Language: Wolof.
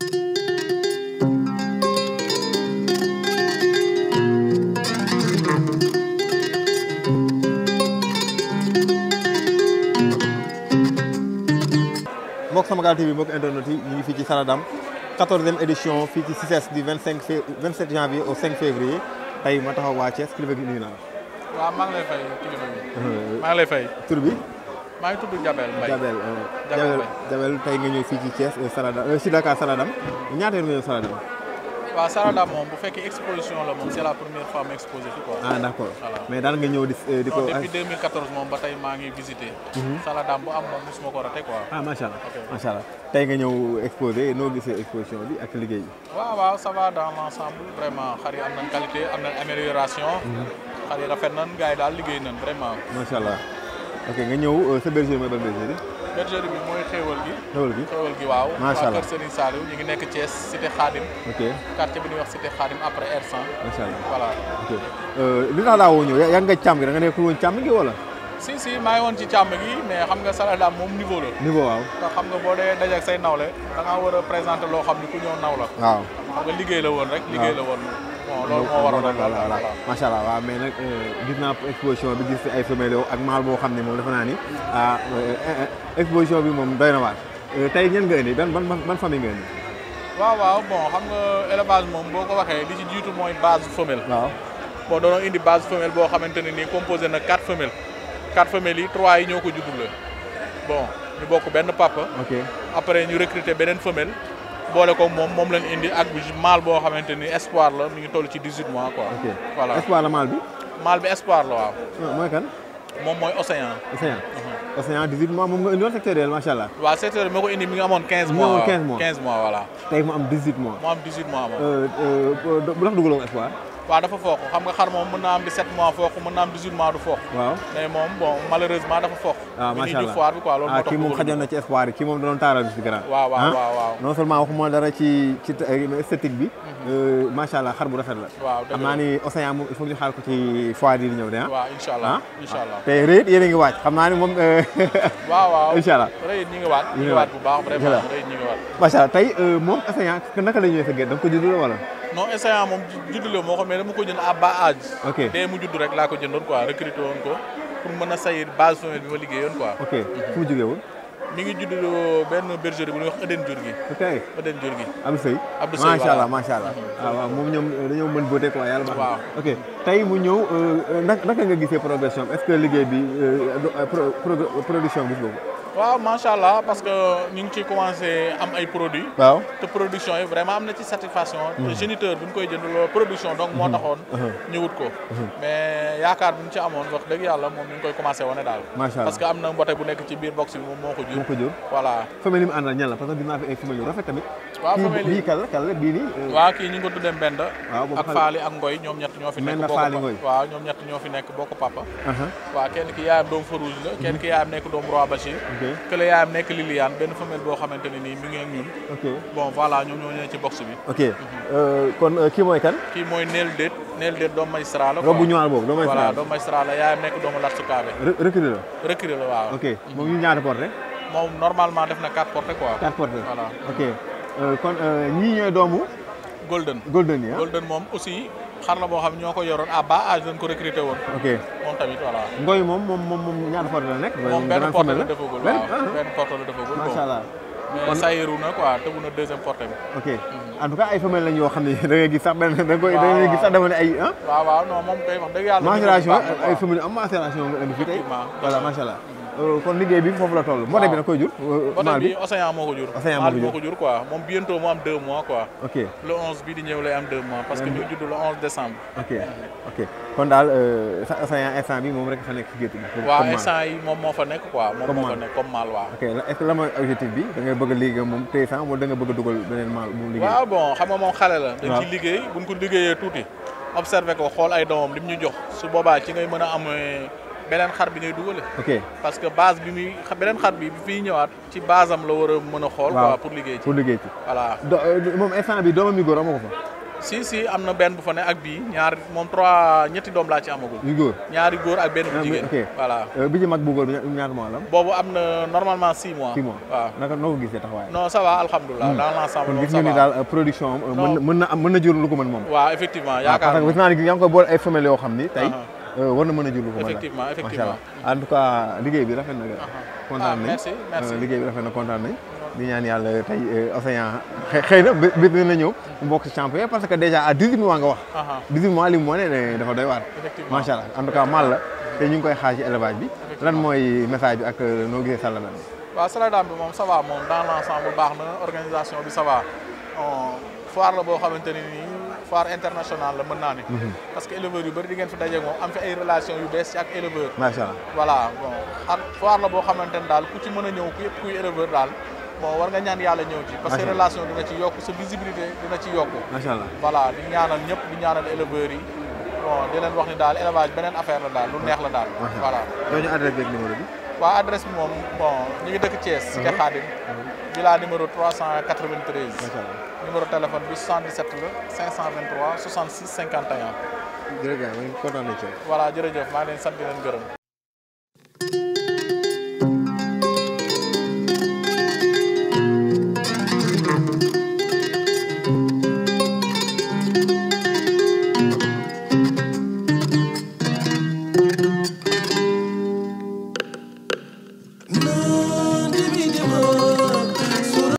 mbokk Samagal bi mbokk internet yi ñu ngi fii ci Saladam quatorzième édition fii ci CICES du vingt cinq fé vingt sept janvier au février tey ma taxaw waa Thiès kilifa gi nuyu naa la. maa ngi tudd Jabel Mbaye Jabel euh, nga ñëw fii ci Thiès euh, Saladam euh, si Dakar Saladam ñaata yoon nga ñëw Saladam. waaw Saladam moom bu fekkee exposition la moom c'est la première fois ma exposé fi quoi. ah mais daan nga ñëw di moom ba tey maa ngi visité. Mhm. Saladam bu am moom mosuma ko rate quoi. ah macha allah macha allah tey nga ñëw exposé noo gisee exposition bi ak liggéey bi. waaw waaw ça va dans l'ensemble vraiment xar yi am nañ qualité am nañ amélioration. Mhm. xar rafet nañ gars daal liggéey nañ vraiment. ok nga ñëw euh, sa bergerie mooy ban bergerie. bergerie bi mooy xéewal gi. xéewal gi waaw. macha allah waa kër Serigne Saliou ñu ngi nekk Thiès cité Khadim. ok quartier bi ñuy wax cité Khadim après R100. macha allah voilà. ok euh, li tax daa woo ñëw yaa nga càmm gi da nga nekkul woon càmm gi wala. si si maa ngi woon ci càmm gi mais xam nga Saladam moom niveau la. niveau waaw. te xam nga boo dee dajeeg say nawle da ngaa war a présenter loo xam ni ku ñëw naw la. waaw. nga liggéey la woon rek. liggéey la woon bon loolu moo waroon rek voilà macha allah waaw mais nag euh, gis naa exposition bi gis ay femelle ak maal boo xam ne moom dafa naa ni ah euh, euh, exposition bi moom doy na waar tey ñen nga indi ban ban ban famille nga indi. waaw waaw bon xam nga élevage moom boo ko waxee li ci jiitu mooy base femelle. waaw boo doonoo indi base femelle boo xamante ne nii composé na quatre femelles. quatre femelles yi trois yi ñoo ko juddul la bon ñu bokk benn papa. ok ñu recruter beneen femelle. boole ko moom moom lañ indi ak maal boo xamante ni espoir la mi ngi toll ci 18 mois quoi. voilà espoir la maal bi. maal bi espoir la waaw. mooy kan. moom mooy océan. océan. océan 18 mois moom nga indi woon sectoriel macha allah. waaw sectoriel moo ko indi mi ngi amoon 15 mois. waaw mois 15 mois mu am 18 mois. mu am 18 mois bu la ko espoir. waaw dafa fooq xam nga xar moom mën naa am 17 mois fooq am macha ah, allah foire bi quoi loolu ah, moo tax na ci espoir yi kii moom da doon taaral bis bi grand ah, macha euh, mhm. euh, allah xar bu rafet la waaw xam naa ni Océan moom il ko ci foire yi di ñëw de ah waaw incha allah incha xam naa ni moom euh, waaw waaw incha allah rëyit bu baax vraiment rëyit ñi ngi tey moom Océan naka la ñëwee sa ko jënd non essayant moom judd la moo xam ne dama ko jënd à bas ok dee mu judd rek laa ko jëndoon quoi recruté woon ko pour mën a sayir base femelle bi ma liggéeyoon quoi. ok fu mu jógee woon. mi ngi judd benn bergerie bu ñuy wax Eden jur gi. ok Eden jur gi. Abdou Seye Abdou Seye macha allah macha allah. waaw ah, waaw moom ñoom dañoo mën beauté quoi yàlla. waaw ok tey mu ñëw euh, euh, naka nga gisee progression est-ce que liggéey bi euh, production gis nga waaw macha allah parce que ñu ngi ciy commencé am ay produits. waaw te production yi vraiment am na ci satisfaction. te mhm. géniteur bi ñu koy jënd loolu production donc moo mhm. taxoon. Mhm. ñu wut ko. mais yaakaar bu ñu ci amoon wax dëgg yàlla moom ñu ngi koy commencé wane daal. macha allah parce que am na mbote bu nekk ci biir box bi moom moo ko jur. moo ko jur voilà. femelle yi mu àndal ñan la parce que dinaa fi ay femelle yu rafet tamit. waaw femelle yi bii kàlla kan kan bii nii. Euh. waaw kii ñu ngi ko tuddee Mbenda. ak Faali ak Ngoy ñoom ñett ñoo fi nekk. Mbenda Faali waaw ñoom ñett ñoo fi nekk bokk papa. Uh-huh. waaw kenn ki yaayam doom Farouj la. kenn ki yaayam nekk doom Roi Bachir que la yaayam nekk Liliane benn femelle boo xamante ne nii mi ngi ak ñun. ok bon voilà ñoom ñoo ñëwee ci box bi. ok euh, kon euh, kii mooy kan. kii mooy Neel Déet Neel Déet doomu magistrat la. robu ñuul boobu doomu magistrat la yaayam nekk doomu latsukaabe. recrue la. recrue la waaw. ok moom ñu ñaata porté. moom normalement def na quatre porté quoi. quatre porté voilà ok euh, kon ñii doomu. golden golden yi ah. xar la boo xam ñoo ko yoroon a bas âge lañ ko recruté woon. ok moom tamit voilà. ngooy moom moom moom moom ñaata porte la moom ah. benn porte la defagul waaw allah mais sayeru na quoi tëbu na deuxième porte bi. ok hmm. en tout cas ay femelles lañ yoo xam ne da gis sax benn da ay ah. waaw waaw allah. Euh, kon liggéey bi foofu la toll. waaw moto bi nag koy jur. Euh, maal bi moto bi océan moo ko jur. océan moo ko jur maal moo ko jur quoi moom bientôt mo am 2 mois quoi. ok le 11 bii di ñëw lay am 2 mois. parce que ñu judd le 11 décembre. ok ok kon daal euh, sa océan instant bi moom rek fa nekk ci gétt gi. waaw instant yi moom mo fa nek quoi. moom mo fa nek comme mal wa ok est ce que la mooy objectif bi da ngay bëgg a liggéey moom tey sànq wala da nga bëgg a dugal beneen mu liggéey. wa bon xam nga moom xale la. waaw dañ ciy liggéey ko liggéeyee ko xool ay doomam lim ñu jox su boobaa ci ngay mën a beneen xar bi ngay dugale. ok parce que base bi muy beneen xar bi bi fiy ñëwaat ci base am la war a mën a xool. waaw pour liggéey ci pour liggéey ci. voilà euh, moom instant bi doomam yu góor amoo ko fa. si si am na benn bu fa ne ak bii ñaar moom trois ñetti doom laa ci amagul. yu ñaari góor ak benn bu jigéen. ok euh, bi ci mag bu góor bi ñaar mois la. boobu am na normalement six mois. six mois waaw naka noo ko gisee taxawaay. non ça va alhamdulilah. Hmm. dans l' ensemble euh, moom ça effectivement ah, yaakaar naa ay femelles yoo xam ni tey. Ah, ah. Euh, war na mën a jullu ko effectivement effectivement en tout ah, euh, liggéey bi rafet na kontaan nañ liggéey bi na kontaan nañ di ñaan yàlla tey euh, océan xëy na bés na ñëw mbokk ci champion parce que déjà à 18 mois nga wax 18 ah, ah. mois li mu wane ne dafa doy waar macha allah en tout cas mal la te ñu ngi koy xaaj ci bi lan mooy message bi ak noo gisee saladam bi waaw saladam bi moom ça va moom dans l'ensemble baax na organisation bi ça va foire la boo xamante ni foire internationale la mën naa ne mhm. parce que éleveurs yu bëri di ngeen fi moom am fi ay relation yu bees ci ak éleveur macha bon ak foire la boo xamante ne daal ku ci mën a ñëw ku yëpp kuy éleveur daal bon war nga ñaan yàlla ñëw ci parce que relation dina ci yokk sa visibilité dina ci yokk macha allah di ñaanal ñëpp di ñaanal éleveurs yi bon di wax ni daal élevage beneen affaire la daal lu neex la daal voilà doo ñu adresse beeg numéro bi waaw adresse moom bon ñu ngi dëkk Thiès. Kër Khadim. Mhm. villa numéro 393. numéro téléphone bi 77 la 523 66 51. jërëjëf waaye kontaan nañu ci. voilà jërëjëf maa ngi leen sant di leen gërëm.